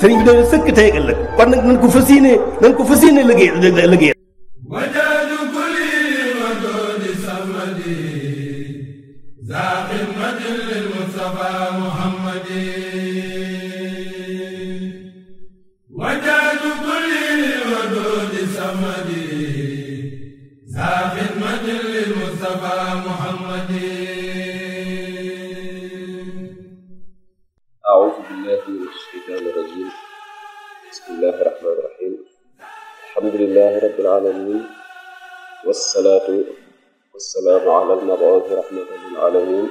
sëriñ bi daal sëkk tey ëllëg kon nag nañ ko fas yéenee nañ ko fas yéenee liggéey liggéey alhamdulillahi rabbil alamin wassalaatu wassalaamu ala almabuuthi rahmatan lil alamin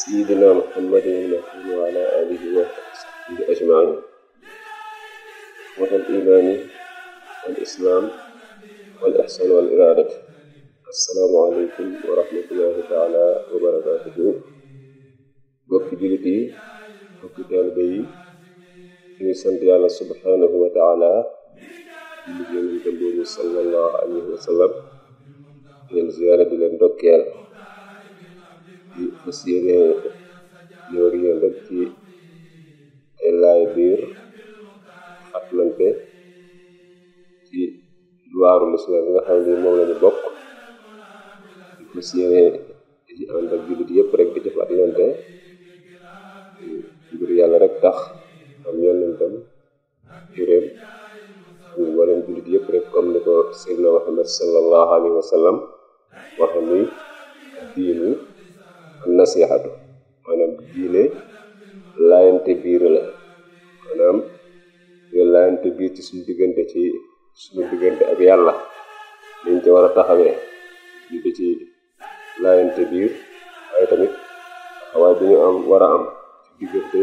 sayyidina muhammadin wa ala alihi wa sahbihi ajmain watal imaani wal islaam wal ihsaan wal iraadat assalaamu aleykum wa rahmatullahi taala wa barakatuhu bokki jullit yi bokki taalibe yi ñu sant yàlla subhanahu wa taala julli yonente boobu sallallahu alayhi wa sallam leen di leen dokkeel di fas yéene yoor yoon rek ci laay biir ak lante ci waaru lislaam nga xam ne moom lañu bokk di fas yéene ci jullit yëpp rek di def ak lante ngir yàlla rek tax am yonentam juréem muy mboolem jullit yëpp rek comme ni ko Seydina Muhammad sallallahu alayhi wa sallam waxe muy diinu nasihatu maanaam diine laayante biir la maanaam yo laayante biir ci suñu diggante ci suñu diggante ak yàlla dañ ci war a taxawee di ci laayante biir waaye tamit taxawaay bi ñu am war a am ci diggante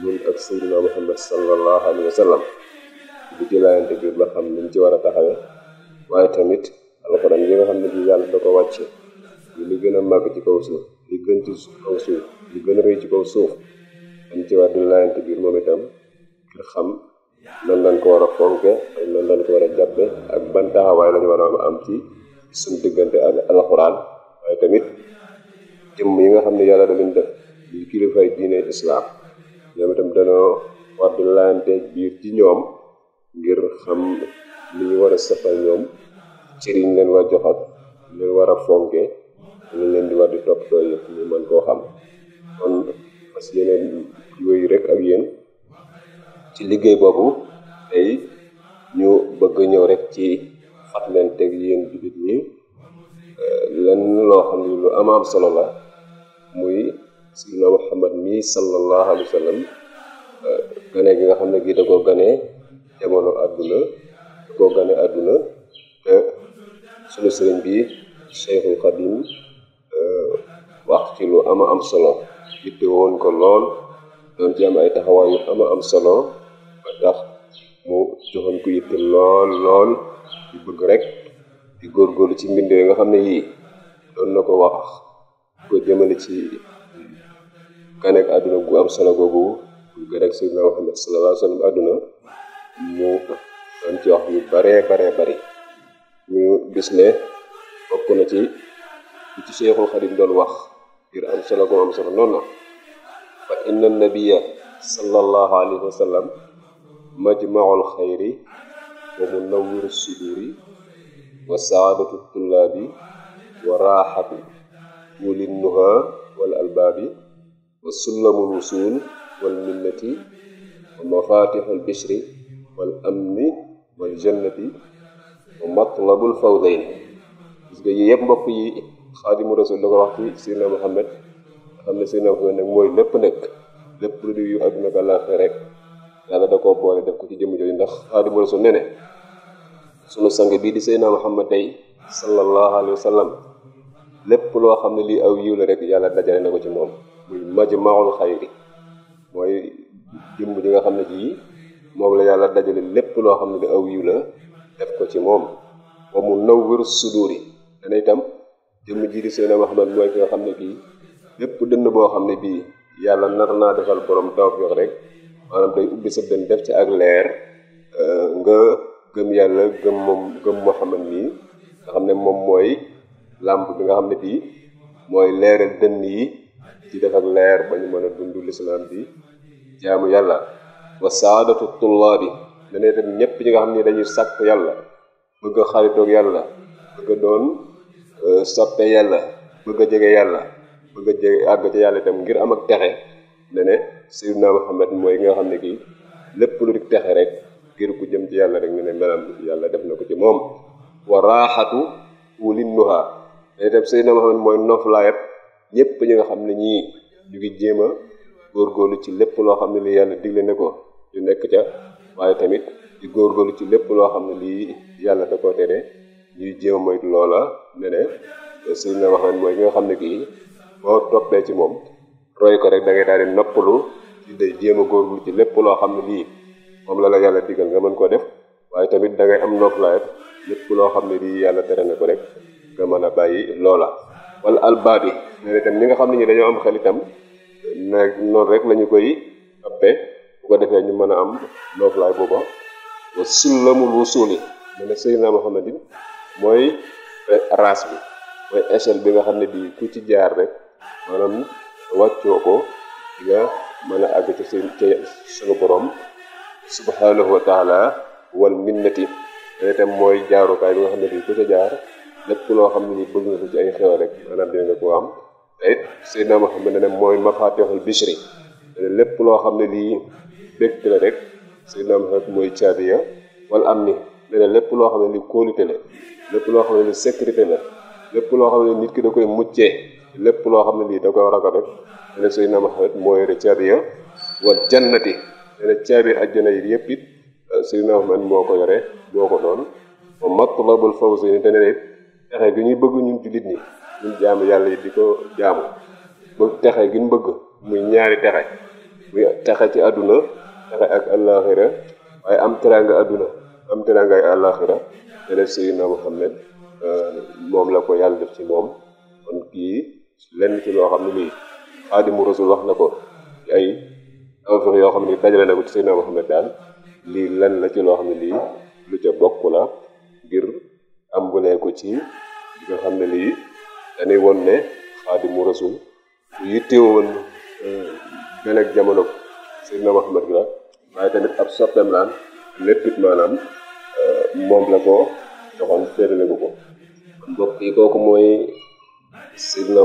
ñun ak Seydina Muhammad sallallahu alayhi wa di ci laayante biir ba xam liñ ci war a taxawee waaye tamit alxuraan yi nga xam ne bi yàlla da ko wàcce yi li gën a màgg ci kaw suuf li gën a ci kaw suuf ci war di laayante biir moom itam xam nan lañ ko war a fonke lañ ko war a jàppe ak ban am ci suñ diggante ak alxuraan waaye yi nga xam ne yàlla da leen def di kilifay diine islaam ñoom itam danoo war di laayante biir ci ñoom ngir xam li ñu war a seqal ñoom cër yi leen war a jox ak war a fonke ñu leen di war di topp yëpp ñu mën koo xam kon fas yeneen yooyu rek ak yéen ci liggéey boobu tey ñu bëgg ñëw rek ci fat leen teg yéen jullit ñi eh, lenn loo xam lu amaam solo la muy sayyidina Muhammad mii sallallahu alayhi wa sallam eh, gane gi nga xam ne gii da koo ganee jamono àdduna koo gane àdduna te sunu sëriñ bi Cheikhul Khadim euh, wax ci lu ama am solo itte woon ko lool doon ci am ay taxawaay yu am solo ba tax mu joxoon ko itte lool lool di bëgg rek di góorgóorlu ci mbind yi nga xam ne yii doon na ko wax ko jëmale ci ganek àdduna ku am solo googu gu ganek Seydina Muhammad sallallahu alayhi wa sallam àdduna mu doon ci wax yu baree baree bari ñu gis ne bokk na ci li ci Seexul Xadim doon wax ngir am solo gu am solo noonu na fa inna nabiya sallallahu alayhi wa sallam majmaul xayri wa munawwiru suduri wa saadatu tullaabi wa raaxatu ulin nuha wal albaabi wa sullamul wusul wal minnati wa mafatihul bishri wal amni wal jannati wa matlabul fawdayn parce que yii yëpp mbokk yi xaadimu rasul da ko wax ci sirna Muhammad xam ne sirna Muhammad nag mooy lépp nekk lépp produit yu àdduna ak àllaaxira rek yàlla da koo boole def ko ci jëmm jooju ndax xaadimu rasul su ne sunu sang bii di seyna Muhammad day sallallahu alayhi wa sallam lépp loo xam ne lii aw yiw la rek yàlla dajale na ko ci moom muy majmaul xayri mooy jëmm ji nga xam ne ji moom la yàlla dajale lépp loo xam ne di aw yiw la def ko ci moom wa mu nawwiru suduuri dana itam jëmm ji di Seydina Muhammad mooy ki nga xam ne kii lépp dënn boo xam ne bii yàlla nar naa defal borom tawfiq rek maanaam ubbi sa dënn def ci ak leer euh, gëm yàlla gëm moom gëm Muhammad nii nga xam ne moom mooy làmp bi nga xam ne bii mooy leeral dënn yi ci def ak leer ba ñu mën a dund lislaam bi jaamu yàlla wa saadatu tullaabi dana itam ñëpp ñi nga xam ne dañuy sàkku yàlla bëgg a xaritoog yàlla bëgg a doon euh, soppe yàlla bëgg a jege yàlla bëgg a jege àgg ci yàlla itam ngir am ak texe ne ne sayyidina Muhammad mooy nga xam ne kii lépp lu di rek ngir ku jëm ci yàlla rek ne ne melam yàlla def na ko ci moom wa raaxatu wulinnuha te itam sayyidina mooy noflaayat ñëpp ñu nga xam ne ñii ñu ngi jéem a góorgóorlu ci lépp loo xam ne li yàlla digle ne ko lu nekk ca waaye tamit di góorgóorlu ci lépp loo xam ne lii yàlla da koo tere ñuy jéem a moytu loola ne ne sëñ la wax mooy ki nga xam ne kii boo toppee ci moom roy ko rek da ngay daal di noppalu ci day jéem a ci lépp loo xam ne lii moom la la yàlla digal nga mën koo def waaye tamit dangay ngay am noflaay lépp loo xam ne lii yàlla tere na ko rek nga mën a bàyyi loola. wala albaab yi ne itam ñi nga xam ne ñi dañoo am xel itam nag noonu rek lañu koy ko defee ñu mën a am nooflaay booba wa sullamul wusuli mu ne Seydina Muhammad mooy eh, race bi mooy bi nga xam ne bii ku ci jaar rek maanaam ko nga mën a àgg ci seen ca suñu borom subhanahu wa taala wal minnati dana mooy jaarukaay bi nga xam ne bii ku ca jaar lépp loo xam ne ni bëgg nga ko ci ay xew rek ma dina nga ko am te it Seydina Muhammad lépp loo xam ne lii dégg la rek Seydina Muhammad mooy caabi ya wala am ni leneen lépp loo xam ne ni kóolute la lépp loo xam ne ni sécurité na lépp loo xam ne nit ki da koy muccee lépp loo xam ne lii da koy ragal rek dene Seydina Muhammad moo yore caabi ya wal jannati dene caabi ajjana yi yëpp it ah, Seydina Muhammad moo ko yore moo ko doon wa matlabul fawzi ni dene it texe gi ñuy bëgg ñun jullit ñi ñun jaamu yàlla yi di ko jaamu ba texe gi ñu bëgg muy ñaari texe muy texe ci àdduna texe ak àllaaxira waaye am teraanga àdduna am teraanga ak àllaaxira te def Seydina Muhammad euh, moom la ko yàlla def ci moom kon kii lenn ci loo xam ne lii Xaadimu Rasul wax na ko ay yoo xam ne dajale na ko ci Seydina Muhammad daal lii lenn la ci loo xam ne lii lu ca bokk la ngir ambulee ko ci li nga xam ne lii dañuy won ne Xaadimu Rasul yitte woon euh, benn jamono Seydina Muhammad la waaye tamit ab soppeem laan lépp it maanaam euh, moom la ko joxoon féerale ko ko mbokk yi kooku mooy Seydina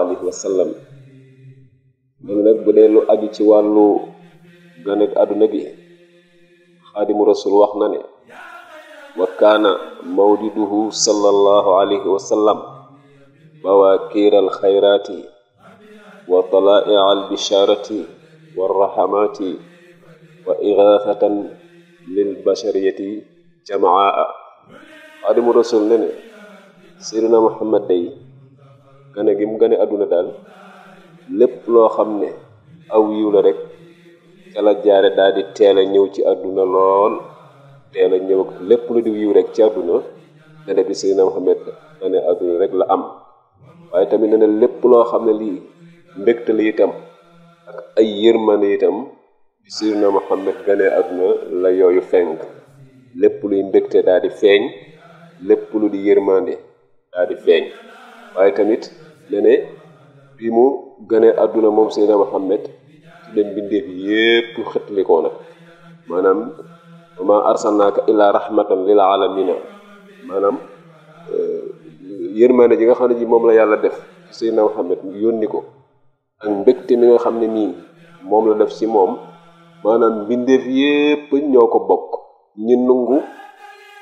alayhi wa sallam loolu lu aju ci wàllu ganek àdduna gi xaadimu rasul wax na wa kaana mawliduhu sallallahu alayhi wa sallam bawaakiiral xayraati wa talaa'ial bishaarati wa raxamaati wa irafatan lil bashariyati jamaa xaadimu rasul ne ne seyduna muhammad day gane gi mu gane àdduna daal lépp loo xam ne aw yiw la rek ca la jaare daal di teel a ñëw ci àdduna lool teel a ñëw lépp lu di yiw rek ci àdduna ne bi seyduna muhammad gane àdduna rek la am waaye tamit ne lépp loo xam ne lii mbégte la itam ak ay yërmande itam bi Seydina Muhammad gane àdduna la yooyu fenk lépp luy mbégte daal di feeñ lépp lu di yërmande daal feeñ waaye tamit lene bi mu gane àdduna moom Seydina Muhammad ci la mbindeef yépp xëtlikoo nag maanaam wama arsalnaaka illaa rahmatan lil alamina maanaam eh, yërmande ji nga xam ne ji moom la yàlla def Seydina Muhammad yónni ko ak mbégte mi nga xam ne nii moom la def si moom maanaam mbindeef yépp ñoo ko bokk ñi nungu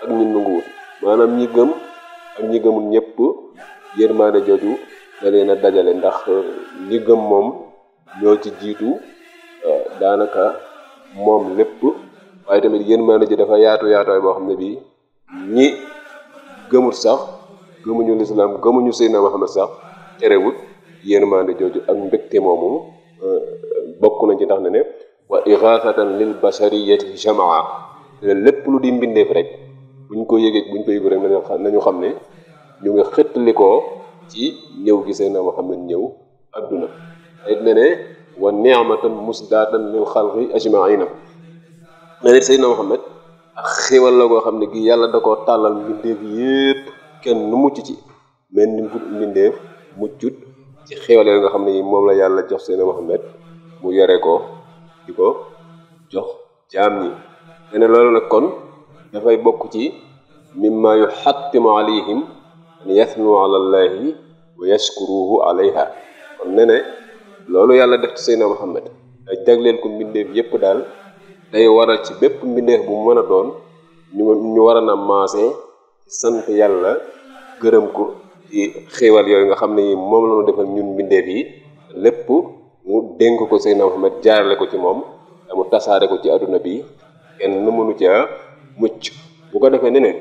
ak ñi nunguwul maanaam ñi gëm ak ñi gëmul ñëpp yërmaande jooju da dajale ndax euh, ñi gëm moom ñoo ci jiitu euh, daanaka moom lépp waaye tamit yërmaande ji dafa yaatu yaatuwaay boo xam ne bii ñi gëmul sax gëmuñu lislaam gëmuñu Seydina Muhammad sax terewut yërmaande jooju ak mbégte moomu euh, bokk nañ ci ndax ne ne waa iraasatan lil bashariyati jamaa lépp lu di mbindeef rek buñ ko yëgee buñ ko yëgu rek nañu xam ne ñu ngi xëttali ci ñëw gi seen Muhammad ñëw adduna it ne ne wa ni'matan musdaatan lil xalqi ajmaina ne ne Seydina Muhammad ak xéwal la koo xam ne gi yàlla da koo tàllal mbindeef yépp kenn nu mucc ci mel ni mbindeef muccut ci xéwal yooyu nga xam ne yi moom la yàlla jox Seydina Muhammad mu yore ko di ko jox jaam ñi te loolu nag kon dafay bokk ci mimma yuxattimu alayhim an yasnu ala allahi wa yashkuruhu alayha kon ne ne loolu yàlla def ci Seydina Muhammad ay jagleel ko mbindeef yépp daal day waral ci bépp mbindeef bu mën a doon ñu ñu war a na maase sant yàlla gërëm ko ci yooyu nga xam ne moom la ñu defal ñun mbindeef yi lépp mu dénk ko Seydina Muhammad jaarale ko ci moom mu tasaare ko ci àdduna bi kenn mënu ca mucc bu ko defee ne naa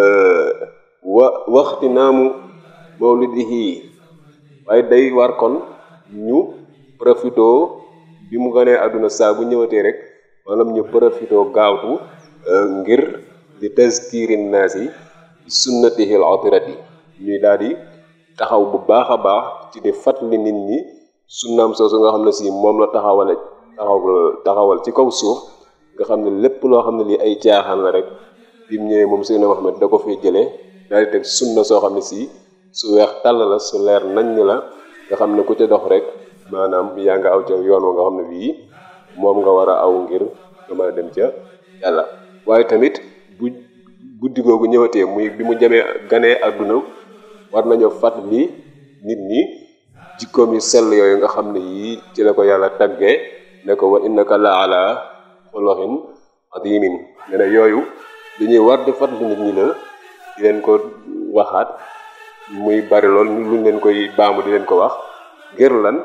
euh, mu waxti naamu mawlidihi waaye day war kon ñu profito bi mu gënee àdduna saa bu ñëwatee rek maanaam ñu profito gaawtu euh, ngir di tazkiri naas yi sunnatihi al atirati ñuy di taxaw bu baax a baax ci di fàttali nit ñi sunnaam soosu nga xam ne si moom la taxawale taxaw taxawal ci kaw suuf nga xam ne lépp loo xam ne lii ay caaxaan la rek bi mu ñëwee moom Seydina Muhammad da ko fee jëlee daal di teg sunna soo xam ne si su weex tàll su leer naññ la xam ne ku ca dox rek maanaam yaa nga aw ca yoon wa nga xam ne bii moom nga war a aw ngir nga a dem ca yàlla waaye tamit bu guddi ñëwatee muy bi mu jamee ganee adduna war fat fàttali nit ñi jikkoom yu sell yooyu nga xam ne yii ci la ko yàlla taggee ne ko wa innaka la ala xoloxin adimin ne yooyu li ñuy war di fàttali nit ñi la di leen ko waxaat muy bari lool luñ leen koy baamu di leen ko wax ngir lan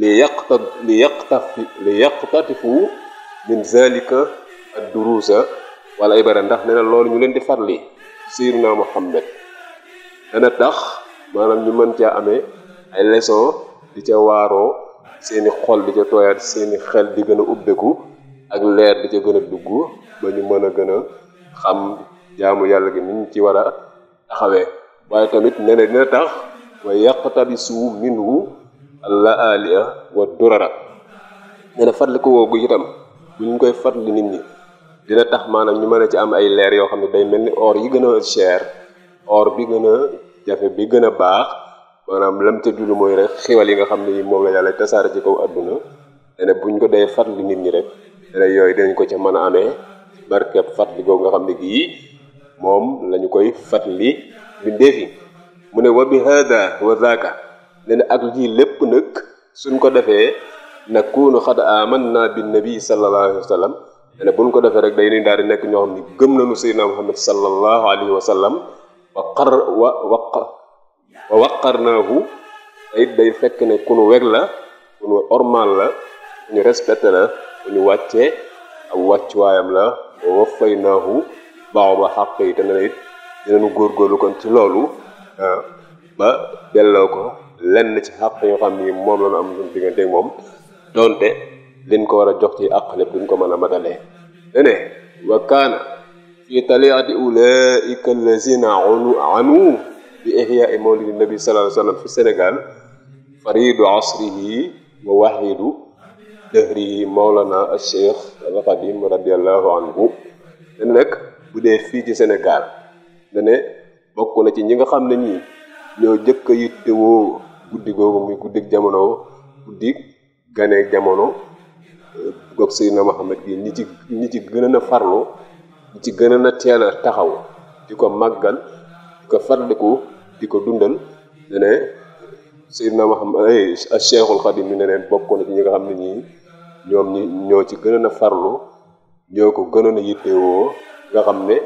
li yaqta li yaqtafi li yaqtatifu min zalika ad durusa wala ibara ndax nee loolu ñu leen di farli sayyiduna Muhammad dana tax maanaam ñu mën caa amee ay leçon di ca waaroo seeni xol di ca tooyaat seeni xel di gën a ubbeku ak leer di ca gën a dugg ba ñu mën a gën a xam jaamu yàlla gi ni ñu ci war a taxawee waaye tamit nee na dina tax wa yaqtabisu minhu alla alia wa durara nee na fàttali ko woogu itam bu ñu koy fàttali nit ñi dina tax maanaam ñu mën a ci am ay leer yoo xam ne day mel ni or yi gën a cher or bi gën jafe bi gën a baax maanaam lam ca julu mooy rek xiwal yi nga xam ne moom la yàlla tasaare ci kaw àdduna bu buñ ko dee fàttali nit ñi rek dene yooyu dinañ ko ca mën a amee barkeb fàttali googu nga xam ne gii moom lañu koy fàttali bindee fi mu ne wa bi hada wa zaaka ne ne ak lii lépp nag suñ ko defee nakunu xad aman na bi nabi sallallahu alayhi wa sallam ne buñ ko defee rek day ni daal di nekk ñoo xam ne gëm nañu sayyidina Muhammad sallallahu alayhi wa sallam wa qar wa wa wa waqarnaahu it day fekk ne ku nu weg la ku nu ormal la ku ñu respecté la ku ñu wàccee ak wàccuwaayam la wa wafaynaahu baaxu a xaq yi te ne it dinañu góorgóorlu kon ci loolu ah, ba delloo ko lenn ci xàq yoo xam ni moom la ñu am suñu diggante moom donte liñ ko war a jox ci àq lépp duñ ko mën a matalee dene wa kaana fi taliati ulaika allazina anu bi ihya i mawlidi nabi sallallahu alayhi wa sallam fi Sénégal faridu asrihi wa wahidu dëhrihi mawlana cheikh alxadim radiallahu anhu te nag bu dee fii ci Sénégal dane bokk na ci ñi nga xam ne ñi ñoo jëkk a yittewoo guddi googu muy guddig jamono guddig ganeeg jamono goog Seydina Muhammad gi ñi ci ñi ci gën a farlu ñi ci gën a teel taxaw di ko màggal di ko farliku di ko dundal ne ne Seydina Muhammad ay eh, Cheikhul Xadim bi ne ne bokk na ci ñi nga xam ne ñii ñoom ñi ñoo ci gëna a farlu ñoo ko gënoon a yittewoo nga xam ne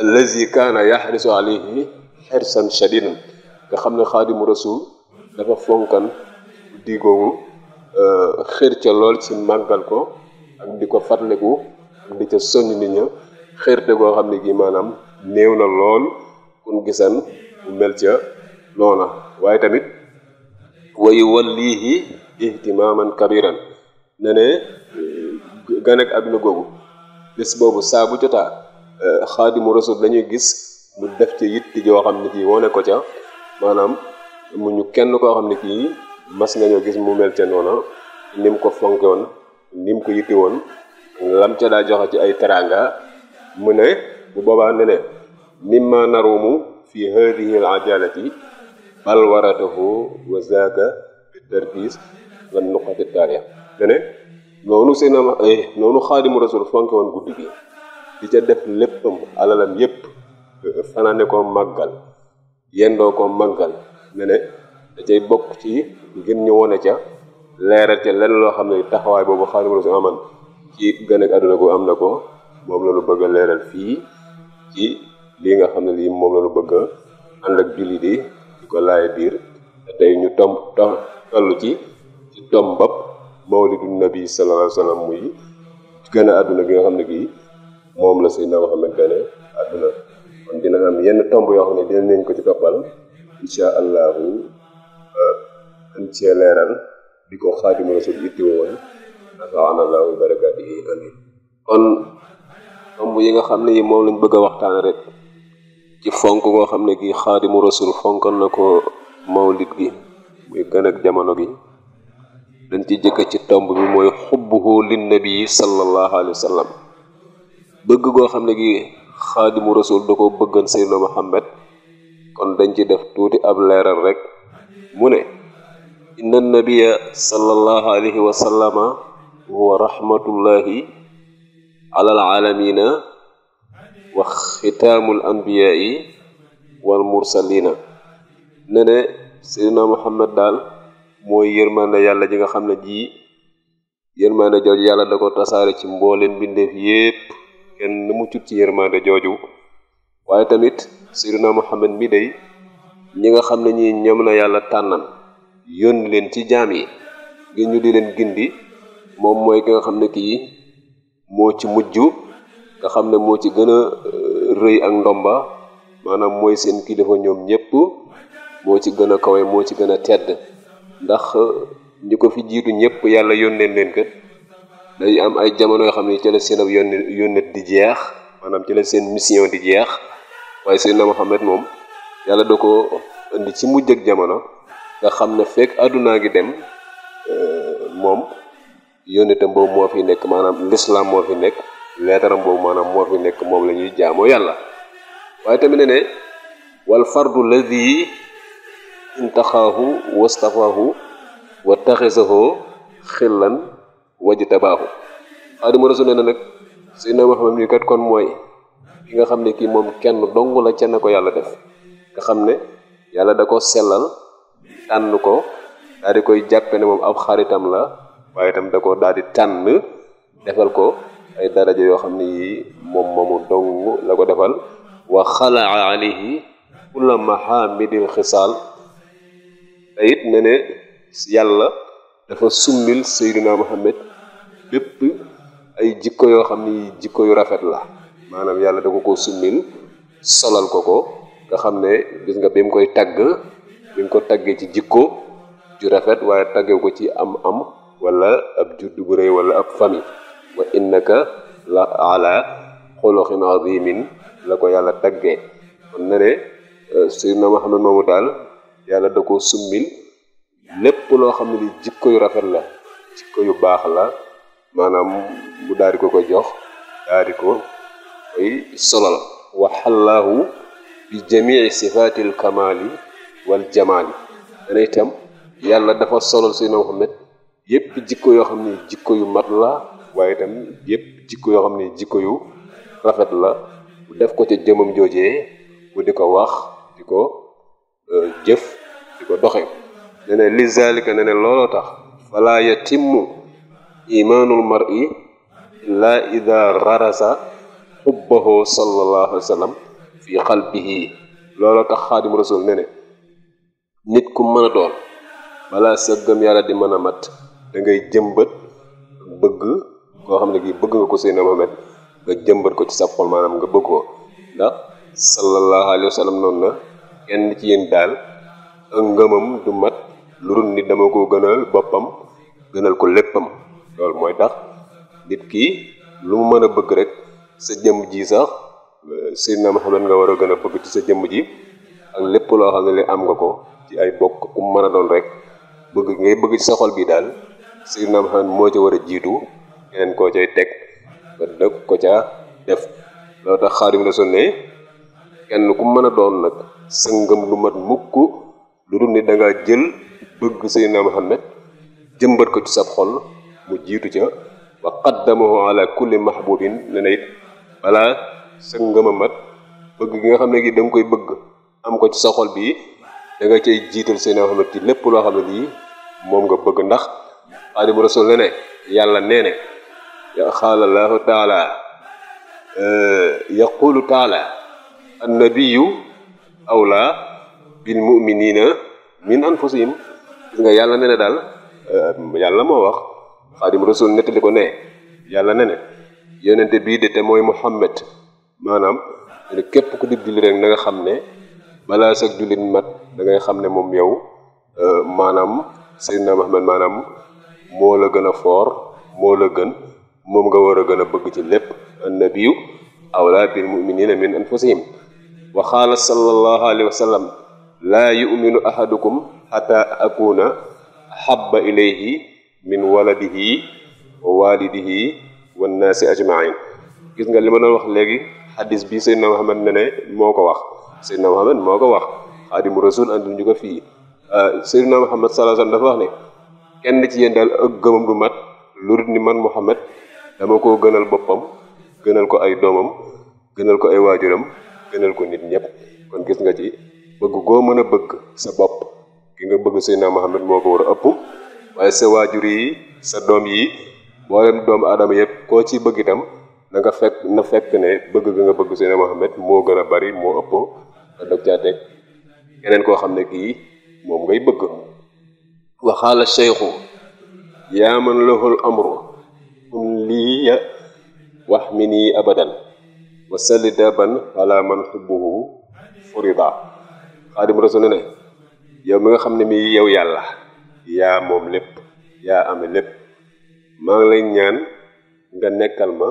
allazi kaana yaxrisu alayhi xirsan shadidan nga xam ne xaadimu rasul dafa fonkan di googu eh, xër ca lool ci màggal ko ak di ko fàttaliku ak di ca soññ nit ña xërte goo xam ne gi maanaam na lool kun gisan mu mel ca noona waaye tamit wa yuwallihi ihtimaman kabiran ne ne ab na àdduna googu bés boobu saabu bu jotaa eh, xaadimu rasul la gis mu def ci yitti joo xam ne kii wone ko ca maanaam mu ñu kenn koo xam ne kii mas nga ñoo gis mu mel ca noona ni ko fonke woon ko yitti woon lam ca daa joxe ci ay teraanga mu ne bu boobaa ne ne narumu fi hadihi alajalati balwaratahu wa zaaka tarbis wa nuqati taariya dene noonu seen eh, am noonu xaadimu rasul fonke woon guddi gi di ca def léppam alalam yépp eh, fanaane ko màggal yendoo ko màggal ne da cay bokk ci ngir ñu wone ca leeral ca lenn loo xam ne taxawaay boobu xaadimu rasul aman ci gën àdduna ko am na ko moom la ñu leeral fii ci lii nga xam ne lii moom la ñu bëgg a jullit yi biir te tey ñu tomb tom toll nga xam ne bii moom la yenn tomb yoo xam ko ci toppal euh, yi nga xam ne yi moom lañ bëgg a waxtaan rek ci fonk koo xam ne gi xaadimu rasul fonkoon na ko mawlid gi muy gën ak jamono gi dañ ci jëkk ci tomb bi mooy xubbuhu lin nabi sallallahu alayhi wa sallam bëgg goo xam ne gi xaadimu rasul da ko bëggan seydina Muhammad kon dañ ci def tuuti ab leeral rek mu ne inna nabiya sallallahu alayhi wa sallama huwa rahmatullahi ala al alamina wa xitaamul yi wal mursalina ne ne seydina muhammad daal mooy yërmande yàlla ji nga xam ne ji yërmande jooju yàlla da ko tasaare ci mbooleem mbindeef yépp kenn na muccut ci yërmande jooju waaye tamit seydina muhammad mi day ñi nga xam ne ñi ñoom la yàlla tànnan yónni leen ci jaam yi ngir ñu di leen gindi moom mooy ki nga xam ne kii moo ci mujj xam ne moo ci gën a euh, rëy ak ndomba maanaam mooy seen kilifa ñoom ñëpp moo ci gën a kawe moo ci gën a tedd ndax euh, ñu ko fi jiitu ñëpp yàlla yónneen leen kat day am ay jamono yoo xam ne ci la seen ak yónne yónnet di jeex maanaam ci la seen mission di jeex waaye Seydina Muhammad moom yàlla da ko mujj ak jamono nga xam ne fekk àdduna ngi dem euh, moom yónnetam boobu moo fi nekk maanaam l'islam moo fi nekk leetaram boobu maanaam moo fi nekk moom lañuy ñuy jaamoo yàlla waaye tamit ne ne wal fardu ladi intaxaahu wastafaahu wa taxisahoo xillan wajtabaahu xaadima rasul nee na nag Seydina Muhammad mi kat kon mooy ki nga xam ne kii moom kenn dong la ca ko yàlla def nga xam ne yàlla da ko sellal tànn ko daal di koy jàppe ne moom ab xaritam la waaye tam da ko daal di tànn defal ko ay daraja yoo xam ne yii moom moomu dong la ko defal wa xalaa alayhi kulla mahamidil xisaal te it ne ne yàlla dafa summil seyduna muhammad bépp ay jikko yoo xam ne jikko yu rafet la maanaam yàlla da ko ko summil solal ko ko nga xam ne gis nga bi mu koy tagg bi mu ko taggee ci jikko ju rafet waaye taggew ko ci am am wala ab juddu bu rëy wala ab famille wa innaka la ala xuluqin azimin la ko yàlla taggee kon ne ne euh, Seydina Muhammad moomu daal yàlla da ko summil lépp loo xam ne ni jikko yu rafet la jikko yu baax la maanaam mu daal di ko ko jox daal di ko koy solal waxallaahu bi jamii sifaatil kamaali wal jamaali dana itam yàlla dafa solal Seydina Muhammad yépp jikko yoo xam ne jikko yu mat la waaye itam yëpp jikko yoo xam ne jikko yu rafet la def ko ca jëmam joojee bu di ko wax di ko euh, jëf di ko doxe ne ne li zalika ne ne looloo tax fala yatimmu imanul mar'i illa ida rarasa xubbahu sallallahu alayhi fi qalbihi looloo tax xaadim rasul ne ne nit ku mën a doon balaa sa gëm yàlla di mën a mat dangay ngay bëgg koo xam ne gi bëgg nga ko Seydina Mohamed nga jëmbat ko ci sa xol maanaam nga bëgg ko ndax sallallahu alayhi wa sallam noonu na kenn ci yéen daal ak ngëmam du mat lu dul nit dama ko gënal boppam gënal ko léppam loolu mooy tax nit ki lu mu mën a bëgg rek sa jëm jii sax Seydina Mohamed nga war a gën a bëgg ci sa jëmm ji ak lépp loo xam ne am nga ko ci ay bokk ku mu mën a doon rek bëgg ngay bëgg ci sa xol bi daal Seydina Mohamed moo ci war a jiitu yeneen koo ca teg ba dëkk ko ca def loo tax xaadim rasul ne kenn ku mën a doon nag sa ngëm lu mat mukk lu dul ni da nga jël bëgg Seydina Muhammad jëmbët ko ci sa xol mu jiitu ca wa qaddamahu ala kulli mahbubin ne na it mat bëgg gi nga xam ne gi da koy bëgg am ko ci sa xol bii da cay jiital Seydina Muhammad ci lépp loo xam ne lii moom nga bëgg ndax xaadim rasul ne ne yàlla nee qaala allahu taala yaqulu taala annabiyu awla bil muminina min anfusihim nga yàlla ne ne daal yàlla moo wax xaadim rasul nettali ko ne yàlla ne ne yonente bii de te mooy muhammad maanaam ne képp ku di julli rek na nga xam ne balaa sag jullit mat da ngay xam ne moom yow euh، maanaam seydina muhammad maanaam moo la gën a foor moo la gën moom nga war a gën a bëgg ci lépp annabiyu awlaa bil muminina min anfusihim wa qaala sallallahu alayhi wa sallam laa yuminu ahadukum xata akuna habba ilayhi min wa walidihi ajmain gis nga li ma doon wax léegi xadis bi seydna Muhammad ne ne moo ko wax seydna Muhammad moo ko wax xaadimu rasul andil ñu ko fii euh, seydna Muhammad sallallahu alayhi wa dafa wax ne kenn ci yéen daal ak gëmam du mat lu dul ni man Muhammad dama koo gënal boppam gënal ko ay doomam gënal ko ay waajuram gënal ko nit ñëpp kon gis nga ci bëgg goo mën a bëgg sa bopp ki nga bëgg Seydina Muhammad moo ko war a ëpp waaye sa waajur yi sa doom yi mboolem doomu aadama yëpp koo ci bëgg itam na nga fekk na fekk ne bëgg nga nga bëgg Seydina Muhammad moo gën a bari moo ëpp nga dog caa koo xam ne kii moom ngay bëgg waxaala cheikhu yaa man lahul amru lii wax mi nii abadan wa salli daban ala man xubbuhu furida xaadim rasul ne yow mi nga xam ne mi yow yàlla yaa moom lépp yaa ame lépp maa ngi lay ñaan nga nekkal ma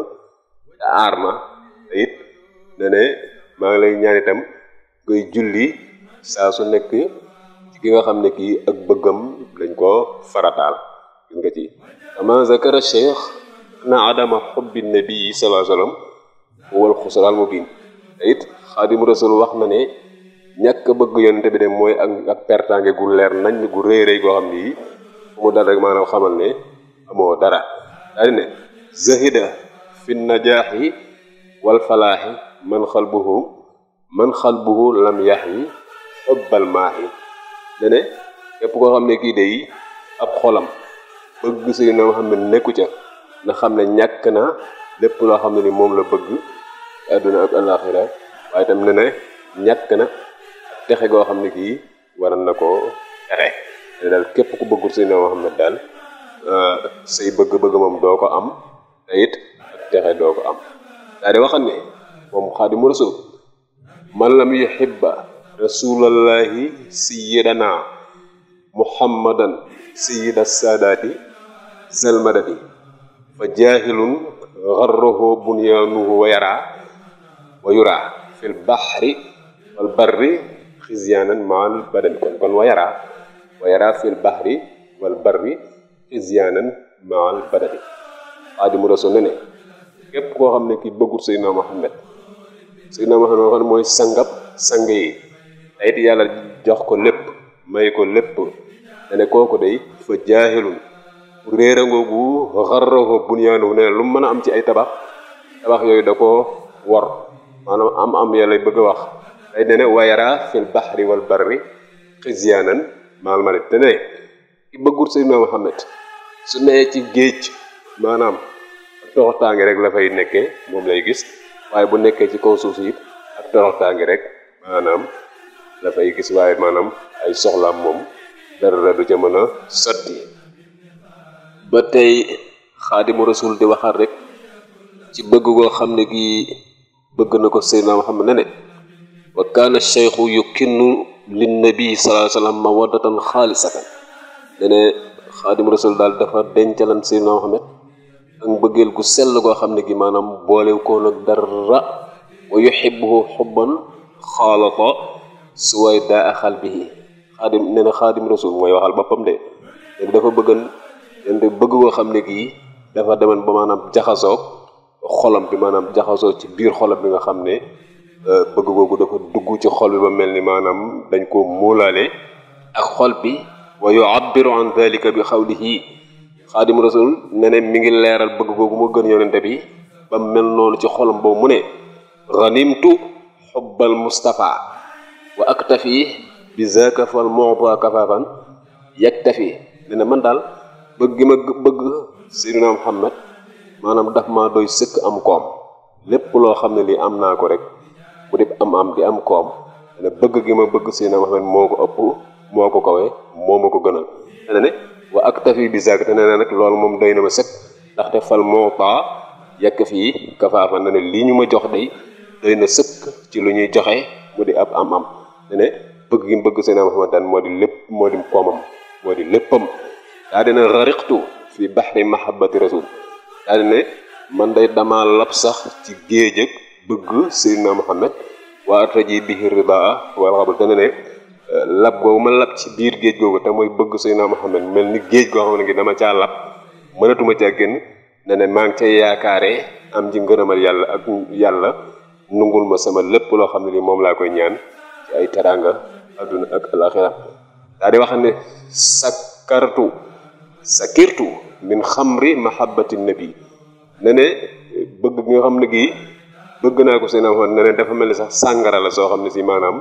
te aar ma te ne ne maa ngi lay ñaan itam ngay julli saa su nekk ci ki nga xam ne kii ak bëggam lañ koo farataal gis nga ci ama zakara cheikh na adama bi nabii sallallahu alayhi wasallam wal xusraal mubiin te it xaadimu rasul wax na ne ñàkk bëgg yonente bi de mooy ak ak pertange gu leer nañ gu rëy rëy goo xam ni mu dal rek maanaam xamal ne amoo dara daa di ne zahida fi najaaxi wal falaaxi man xalbuhu man xalbuhu lam yaxi ëbbal maaxi dene képp koo xam ne kii de yi ab xolam bëgg Seydina Muhammad nekku ca na xam ne ñàkk na lépp loo xam ne ni moom la bëgg adduna ak alaxira waaye tam ne ne ñàkk na texe goo xam ne kii waral na ko texe te daal képp ku bëggul Seydina Muhammad euh, bëgg-bëgg doo ko am it texe doo ko am daa di waxal ne moom muhammadan sayyida saadaati zalmadati fa jaahilun garrahu bunyaanuhu wa yara wa yura fil bahri wal barri xisyaanan maal badani kon wa yara fil bahri wal barri xisyaanan maal badani Xaadimu Rasuul ne ne képp koo xam ne ki bëggul Seydina Muhammad Seydina Muhammad waxoon mooy sangab sang yi tayit yàlla jox ko lépp may ko lépp dane kooku day fa jaahilun réer angoogu xarrahu bunyaanu ne lu mën a am ci ay tabax tabax yooyu da ko wor maanaam am am yàlla bëgg a wax day ne ne wayara fil baxri wal barri xisyaanan maal malit te ne ki bëggul Seydina su nee ci géej maanaam ak toroxtaange rek la fay nekkee moom lay gis waaye bu nekkee ci kaw suuf yi ak toroxtaange rek maanaam dafay gis waaye maanaam ay soxlaam moom dara du ca mën a sotti ba tey xaadimu rasul di waxaat rek ci bëgg goo xam ne kii bëgg na ko seydina Muhammad ne ne wa kaana cheikhu yukinnu linnabi sallallahu alayhi wa sallam mawaddatan xaalisatan ne ne rasul daal dafa dencalan seydina Muhammad ak bëggeel gu sell goo xam ne gi maanaam boole koo nag dara wa yuhibbuhu xubban xaalata su way daa a xal bi xaadim ne na xaadim rasul mooy waxal boppam de dafa bëggan yonte bëgg koo xam ne kii dafa demoon ba maanaam jaxasoog xolam bi maanaam jaxasoo ci biir xolam bi nga xam ne euh, bëgg googu dafa dugg ci xol bi ba mel ni maanaam dañ koo móolaale ak xol bi wa yu'abbiru an dhalika bi xawlihi xaadim rasul ne ne mi ngi leeral bëgg googu moo gën yonente bi ba mel noonu ci xolam boobu mu ne ghanimtu xubbal mustafa wa tafi bi zaaka fal mu'ta kafaafan yaktafi ne ne man daal bëgg gi ma bëgg Seydina Muhammad maanaam daf maa doy sëkk am koom lépp loo xam ne lii am naa ko rek bu dib am am di am koom ne bëgg gi ma bëgg Seydina Muhammad moo ko ëpp moo ko kawe moo ma ko gënal dana ne wa bi zak te nee nag loolu moom doy na ma sëkk ndaxte fal moo paa yekk fii kafaafan na lii ñu ma jox day doy na sëkk ci lu ñuy joxe mu di ab am am ne bëgg gi bëgg Seydina Muhammad daan moo di lépp moo di koomam moo di léppam daa dina rariqtu fi baxri mahabbati rasul daa dina man day dama lab sax ci géej ak bëgg Seydina Muhammad waa artaji bihi ridaa wal xabul te ne ne lab googu ma lab ci biir géej googu te mooy bëgg Seydina Muhammad mel ni géej goo xam ne ngi dama caa lab mënatuma caa génn ne ne maa ngi cay yaakaare am ji ngërëmal yàlla ak yàlla nungul ma sama lépp loo xam ne li moom laa koy ñaan ci ay teraanga adduna ak alaxira daa wax ne sakkartu sakirtu min xamri mahabbati nabi ne ne bëgg gi nga xam ne gii bëgg naa ko seen am ne dafa mel ni sax sàngara soo xam ne si maanaam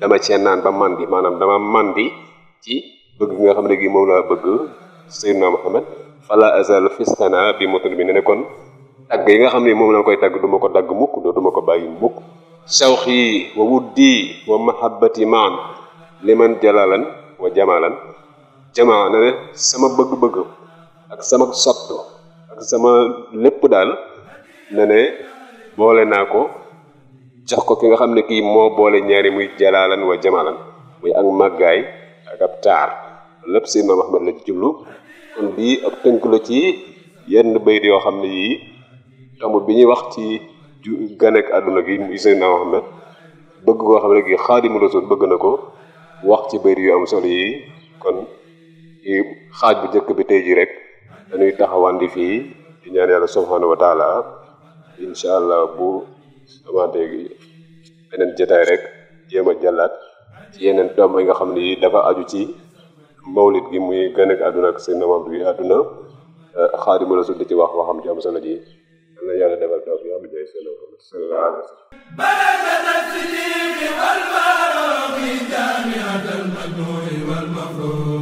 dama cee naan ba mandi maanaam dama mandi ci bëgg bi nga xam ne gii moom laa bëgg Seydina Muhammad fala azal fistana bi motul bi ne ne kon tagg yi nga xam ne moom la koy tagg du ko dagg mukk doo du ma ko bàyyi mukk sawxi wa wuddi wa mahabbati maan liman jalalan wa jamalan jamaa na ne sama bëgg-bëgg ak sama sottu ak sama lépp daal na ne boole naa ko jox ko ki nga xam ne kii moo boole ñaari muy jalaalan wa jamaalan muy ak màggaay ak ab taar lépp si ma Ahmad la ci jublu kon bii ab tënk la ci yenn bayit yoo xam ne yii tomb bi ñuy wax ci ganek àdduna gi muy Seydina Muhammad bëgg koo xam ne gi Xaadimu Rasuul bëgg na ko wax ci bayit yu am solo yi kon xaaj bu njëkk bi tey rek dañuy taxawandi fii di ñaan yàlla subhanahu wa taala allah bu amante gi beneen rek jéem a jàllaat ci yeneen tomb yi nga xam ni dafa aju ci mawlit gi muy gën ak àdduna ak seen membre bi àdduna xaadimu rasul di ci wax waxam ci am solo defal bi am jaay seen sallallahu alayhi wa sallam